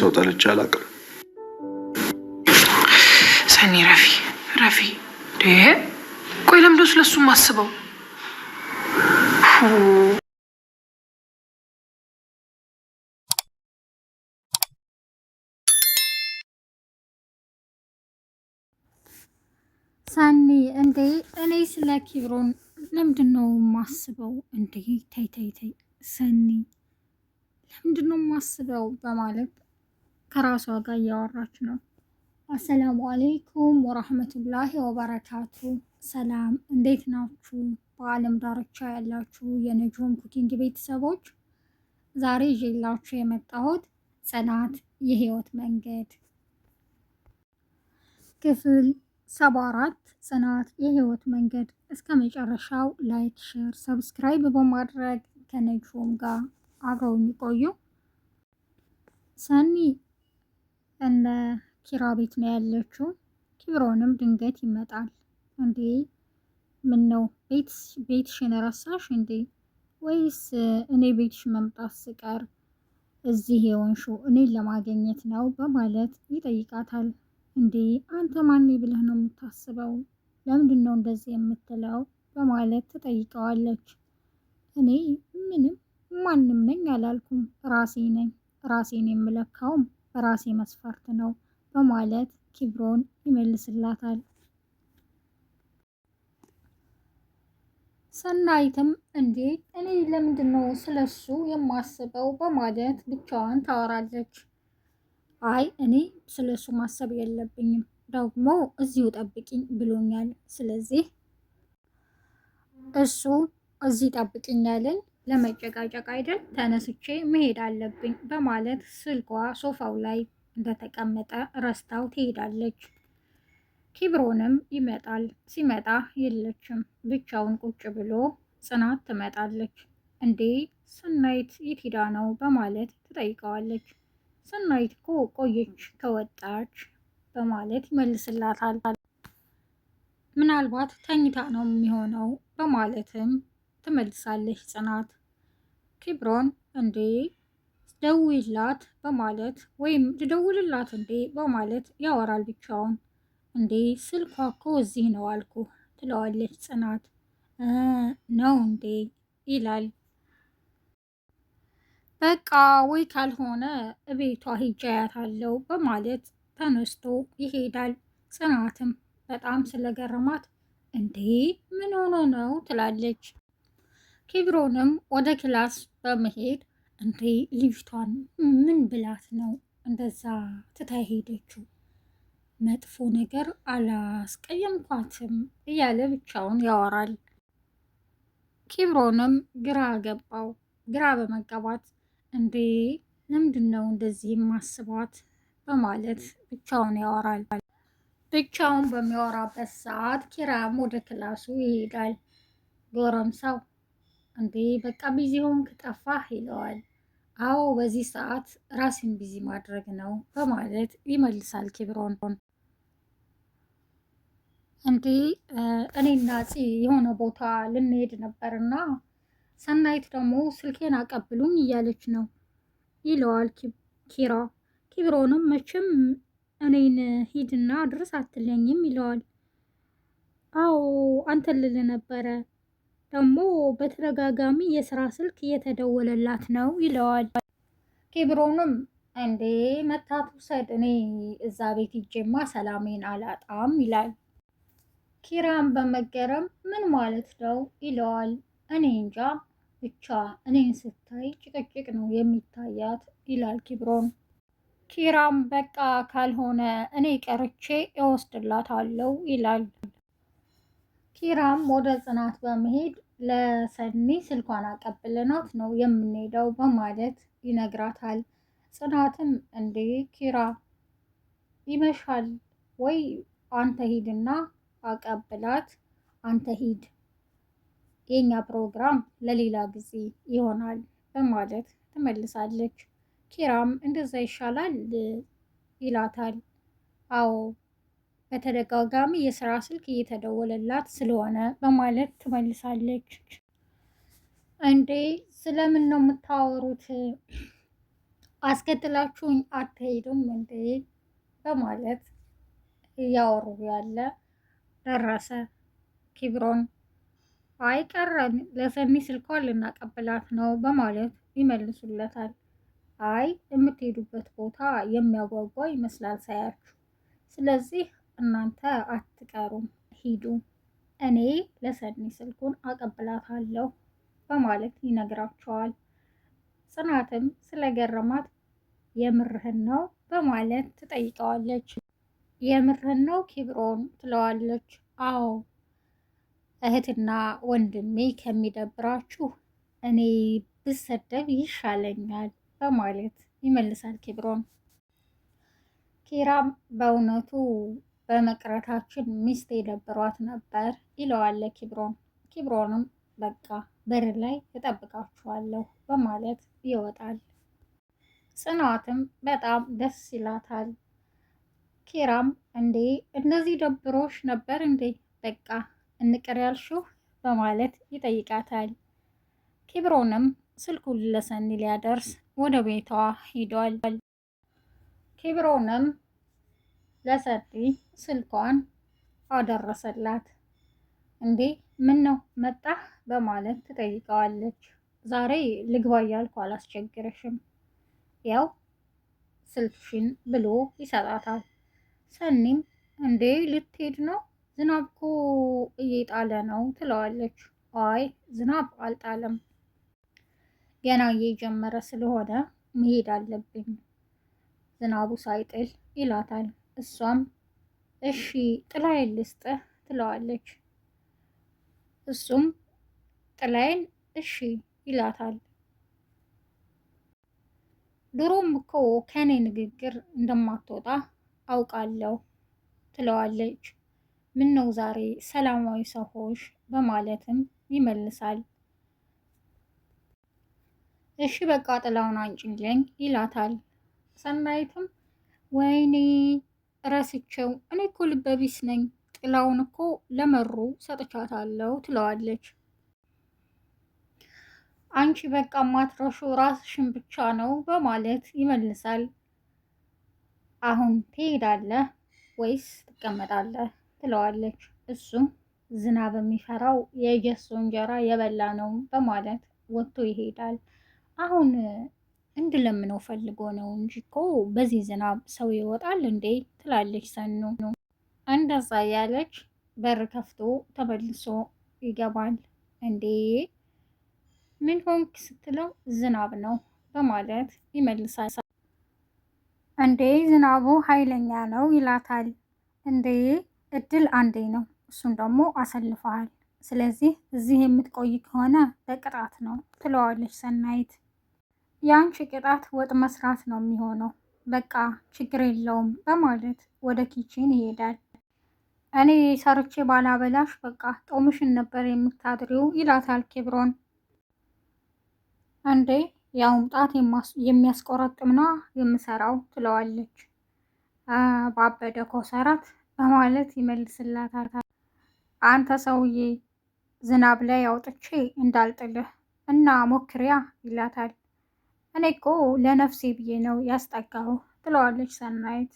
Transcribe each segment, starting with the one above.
ሰው ጠልቼ አላውቅም። ሰኒ ረፊ ረፊ፣ ቆይ ለምዶ ስለሱም አስበው ሰኒ እንዴ፣ እኔ ስለ ኪብሮን ለምንድን ነው የማስበው? እንዴ ተይ ተይ ተይ ሰኒ፣ ለምንድን ነው የማስበው በማለት ከራሷ ጋር እያወራች ነው። አሰላሙ አሌይኩም ወራህመቱላሂ ወበረካቱ። ሰላም እንዴት ናችሁ? በዓለም ዳርቻ ያላችሁ የነጆም ኩኪንግ ቤተሰቦች ዛሬ ይዤላችሁ የመጣሁት ጽናት የህይወት መንገድ ክፍል ሰባ አራት ጽናት የህይወት መንገድ እስከ መጨረሻው ላይክ፣ ሼር፣ ሰብስክራይብ በማድረግ ከነጆም ጋር አብረው የሚቆዩ ሰኒ እነ ኪራ ቤት ነው ያለችው። ኪብሮንም ድንገት ይመጣል። እንዴ ምን ነው ቤትሽን ረሳሽ እንዴ? ወይስ እኔ ቤትሽ መምጣት ስቀር እዚህ የሆንሽው እኔን ለማገኘት ነው በማለት ይጠይቃታል። እንዴ አንተ ማን ብለህ ነው የምታስበው? ለምንድን ነው እንደዚህ የምትለው? በማለት ትጠይቀዋለች። እኔ ምንም ማንም ነኝ አላልኩም፣ ራሴ ነኝ። ራሴን የምለካውም ራሴ መስፈርት ነው በማለት ኪብሮን ይመልስላታል። ሰናይትም እንዴ እኔ ለምንድን ነው ስለሱ የማስበው በማለት ብቻዋን ታወራለች። አይ እኔ ስለሱ ማሰብ የለብኝም ደግሞ እዚሁ ጠብቂኝ ብሎኛል። ስለዚህ እሱ እዚህ ጠብቂኝ ያለኝ ለመጨቃጨቅ አይደል? ተነስቼ መሄድ አለብኝ በማለት ስልኳ ሶፋው ላይ እንደተቀመጠ ረስታው ትሄዳለች። ኪብሮንም ይመጣል። ሲመጣ የለችም። ብቻውን ቁጭ ብሎ ጽናት ትመጣለች። እንዴ ስናይት የት ሄዳ ነው በማለት ትጠይቀዋለች። ስናይት እኮ ቆየች ከወጣች በማለት ይመልስላታል። ምናልባት ተኝታ ነው የሚሆነው በማለትም ትመልሳለች ጽናት ኪብሮን እንዴ ደውላት በማለት ወይም ልደውልላት እንዴ በማለት ያወራል ብቻውን። እንዴ ስልኳ እኮ እዚህ ነው አልኩ ትለዋለች ጽናት። ነው እንዴ ይላል። በቃ ወይ ካልሆነ እቤቷ ሂጅ አያታለሁ በማለት ተነስቶ ይሄዳል። ጽናትም በጣም ስለገረማት እንዴ ምን ሆኖ ነው ትላለች። ኪብሮንም ወደ ክላስ በመሄድ እንዴ ልጅቷን ምን ብላት ነው እንደዛ ትታ ሄደችው? መጥፎ ነገር አላስቀየምኳትም እያለ ብቻውን ያወራል። ኪብሮንም ግራ ገባው። ግራ በመጋባት እንዴ ለምንድን ነው እንደዚህ ማስባት በማለት ብቻውን ያወራል። ብቻውን በሚያወራበት ሰዓት ኪራም ወደ ክላሱ ይሄዳል። ጎረምሳው እንዴ በቃ ቢዚ ሆንክ ጠፋህ ይለዋል። አዎ በዚህ ሰዓት ራሴን ቢዚ ማድረግ ነው በማለት ይመልሳል ኬብሮን። እንዴ እኔና ፂ የሆነ ቦታ ልንሄድ ነበርና ሰናይት ደግሞ ስልኬን አቀብሉኝ እያለች ነው ይለዋል ኪራ። ኪብሮንም መቼም እኔን ሂድና ድረስ አትለኝም ይለዋል። አዎ አንተን ልል ነበረ ደግሞ በተደጋጋሚ የስራ ስልክ እየተደወለላት ነው ይለዋል። ኬብሮንም እንዴ መታት ውሰድ፣ እኔ እዛ ቤት ሂጄማ ሰላሜን አላጣም ይላል። ኪራም በመገረም ምን ማለት ነው ይለዋል። እኔ እንጃ ብቻ እኔን ስታይ ጭቅጭቅ ነው የሚታያት ይላል ኪብሮን። ኪራም በቃ ካልሆነ እኔ ቀርቼ እወስድላታለሁ ይላል። ኪራም ወደ ጽናት በመሄድ ለሰኒ ስልኳን አቀብለናት ነው የምንሄደው በማለት ይነግራታል። ጽናትም እንዴ ኪራ ይመሻል ወይ አንተ ሂድና አቀብላት፣ አንተ ሂድ፣ የኛ ፕሮግራም ለሌላ ጊዜ ይሆናል በማለት ትመልሳለች። ኪራም እንደዛ ይሻላል ይላታል። አዎ በተደጋጋሚ የስራ ስልክ እየተደወለላት ስለሆነ በማለት ትመልሳለች። እንዴ ስለምን ነው የምታወሩት? አስገድላችሁኝ አትሄዱም እንዴ? በማለት እያወሩ ያለ ደረሰ ኪብሮን። አይ ቀረን ለሰኒ ስልኳን ልናቀብላት ነው በማለት ይመልሱለታል። አይ የምትሄዱበት ቦታ የሚያጓጓ ይመስላል ሳያችሁ፣ ስለዚህ እናንተ አትቀሩም፣ ሂዱ፣ እኔ ለሰኒ ስልኩን አቀብላታለሁ በማለት ይነግራቸዋል። ጽናትም ስለገረማት የምርህን ነው በማለት ትጠይቀዋለች። የምርህን ነው ኪብሮን ትለዋለች። አዎ እህትና ወንድሜ ከሚደብራችሁ እኔ ብሰደብ ይሻለኛል በማለት ይመልሳል ኪብሮን። ኪራም በእውነቱ በመቅረታችን ሚስት የደብሯት ነበር ይለዋለ ኪብሮን ኪብሮንም በቃ በር ላይ እጠብቃችኋለሁ በማለት ይወጣል። ጽናትም በጣም ደስ ይላታል። ኪራም እንዴ እነዚህ ደብሮሽ ነበር እንዴ በቃ እንቅር ያልሽው በማለት ይጠይቃታል። ኪብሮንም ስልኩን ለሰኒ ሊያደርስ ወደ ቤቷ ሂዷል። ኪብሮንም ለሰጢ ስልኳን አደረሰላት። እንዴ ምን ነው መጣህ በማለት ትጠይቀዋለች። ዛሬ ልግባ እያልኩ አላስቸግርሽም፣ ያው ስልክሽን ብሎ ይሰጣታል። ሰኒም እንዴ ልትሄድ ነው? ዝናብ እኮ እየጣለ ነው ትለዋለች። አይ ዝናብ አልጣለም ገና እየጀመረ ስለሆነ መሄድ አለብኝ ዝናቡ ሳይጥል ይላታል። እሷም እሺ ጥላዬን ልስጥህ ትለዋለች። እሱም ጥላዬን እሺ ይላታል። ድሮም እኮ ከኔ ንግግር እንደማትወጣ አውቃለሁ ትለዋለች። ምነው ዛሬ ሰላማዊ ሰዎች በማለትም ይመልሳል። እሺ በቃ ጥላውን አንጭለኝ ይላታል። ሰናይትም ወይኔ ረስቸው እኔ እኮ ልበቢስ ነኝ ጥላውን እኮ ለመሩ ሰጥቻታለሁ ትለዋለች። አንቺ በቃ ማትረሹ ራስሽን ብቻ ነው በማለት ይመልሳል። አሁን ትሄዳለህ ወይስ ትቀመጣለህ ትለዋለች። እሱም ዝናብ የሚፈራው የጀሶ እንጀራ የበላ ነው በማለት ወጥቶ ይሄዳል። አሁን እንድለምነው ፈልጎ ነው እንጂ እኮ በዚህ ዝናብ ሰው ይወጣል እንዴ? ትላለች ሰኑ። እንደዛ ያለች በር ከፍቶ ተመልሶ ይገባል። እንዴ ምን ሆንክ ስትለው ዝናብ ነው በማለት ይመልሳል። እንዴ ዝናቡ ኃይለኛ ነው ይላታል። እንዴ እድል አንዴ ነው፣ እሱም ደግሞ አሰልፈሃል። ስለዚህ እዚህ የምትቆይ ከሆነ በቅጣት ነው ትለዋለች ሰናይት። የአንቺ ቅጣት ወጥ መስራት ነው የሚሆነው፣ በቃ ችግር የለውም በማለት ወደ ኪችን ይሄዳል። እኔ ሰርቼ ባላበላሽ በቃ ጦምሽን ነበር የምታድሪው ይላታል ኬብሮን። እንዴ ያውም ጣት የሚያስቆረጥምና የምሰራው ትለዋለች። ባበደ ኮሰረት በማለት ይመልስላታል። አንተ ሰውዬ ዝናብ ላይ አውጥቼ እንዳልጥልህ እና ሞክሪያ ይላታል። እኔ እኮ ለነፍሴ ብዬ ነው ያስጠጋሁ ትለዋለች ሰናይት።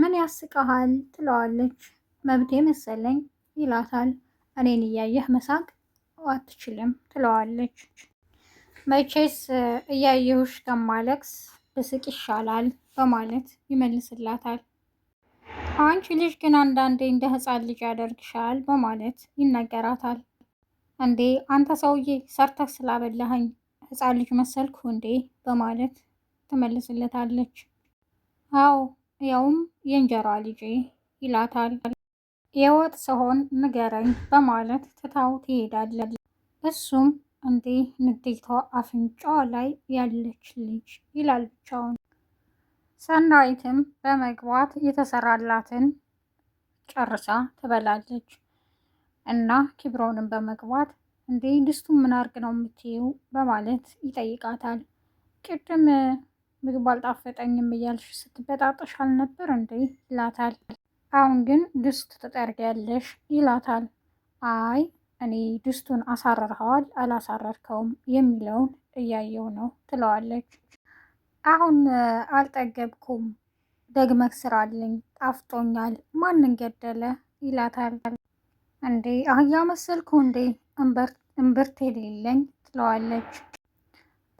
ምን ያስቀሃል ትለዋለች። መብቴ መሰለኝ ይላታል። እኔን እያየህ መሳቅ አትችልም ትለዋለች። መቼስ እያየሁሽ ከማለቅስ ብስቅ ይሻላል በማለት ይመልስላታል። አንቺ ልጅ ግን አንዳንዴ እንደ ህፃን ልጅ ያደርግሻል በማለት ይነገራታል። እንዴ አንተ ሰውዬ ሰርተህ ስላበላኸኝ ሕፃን ልጅ መሰልኩ እንዴ በማለት ትመልስለታለች። አዎ ያውም የእንጀራ ልጄ ይላታል። የወጥ ሰሆን ንገረኝ በማለት ትታው ትሄዳለች። እሱም እንዴ ንዴቷ አፍንጫዋ ላይ ያለች ልጅ ይላል ብቻውን። ሰናይትም በመግባት የተሰራላትን ጨርሳ ትበላለች እና ኪብሮንም በመግባት እንዴ ድስቱን ምን አርግ ነው የምትይው? በማለት ይጠይቃታል። ቅድም ምግብ አልጣፈጠኝም እያልሽ ስትበጣጠሽ አልነበር እንዴ? ይላታል። አሁን ግን ድስት ትጠርጊያለሽ ይላታል። አይ እኔ ድስቱን አሳረርኸዋል አላሳረርከውም የሚለውን እያየው ነው ትለዋለች። አሁን አልጠገብኩም፣ ደግመህ ስራልኝ፣ ጣፍጦኛል፣ ማንን ገደለ ይላታል። እንዴ አህያ መሰልኩ እንዴ እምብርት የሌለኝ ትለዋለች።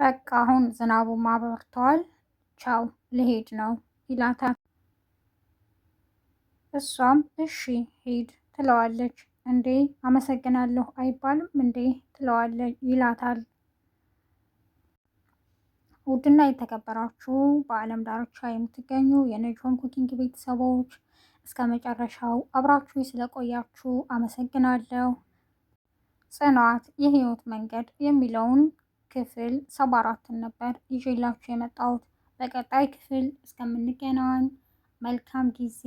በቃ አሁን ዝናቡም አበርተዋል፣ ቻው ልሄድ ነው ይላታል። እሷም እሺ ሂድ ትለዋለች። እንዴ አመሰግናለሁ አይባልም እንዴ ትለዋለች ይላታል። ውድና የተከበራችሁ በዓለም ዳርቻ የምትገኙ የነጆን ኩኪንግ ቤተሰቦች እስከ መጨረሻው አብራችሁ ስለቆያችሁ አመሰግናለሁ። ጽናት የህይወት መንገድ የሚለውን ክፍል ሰባ አራትን ነበር ይዤላችሁ የመጣሁት። በቀጣይ ክፍል እስከምንገናኝ መልካም ጊዜ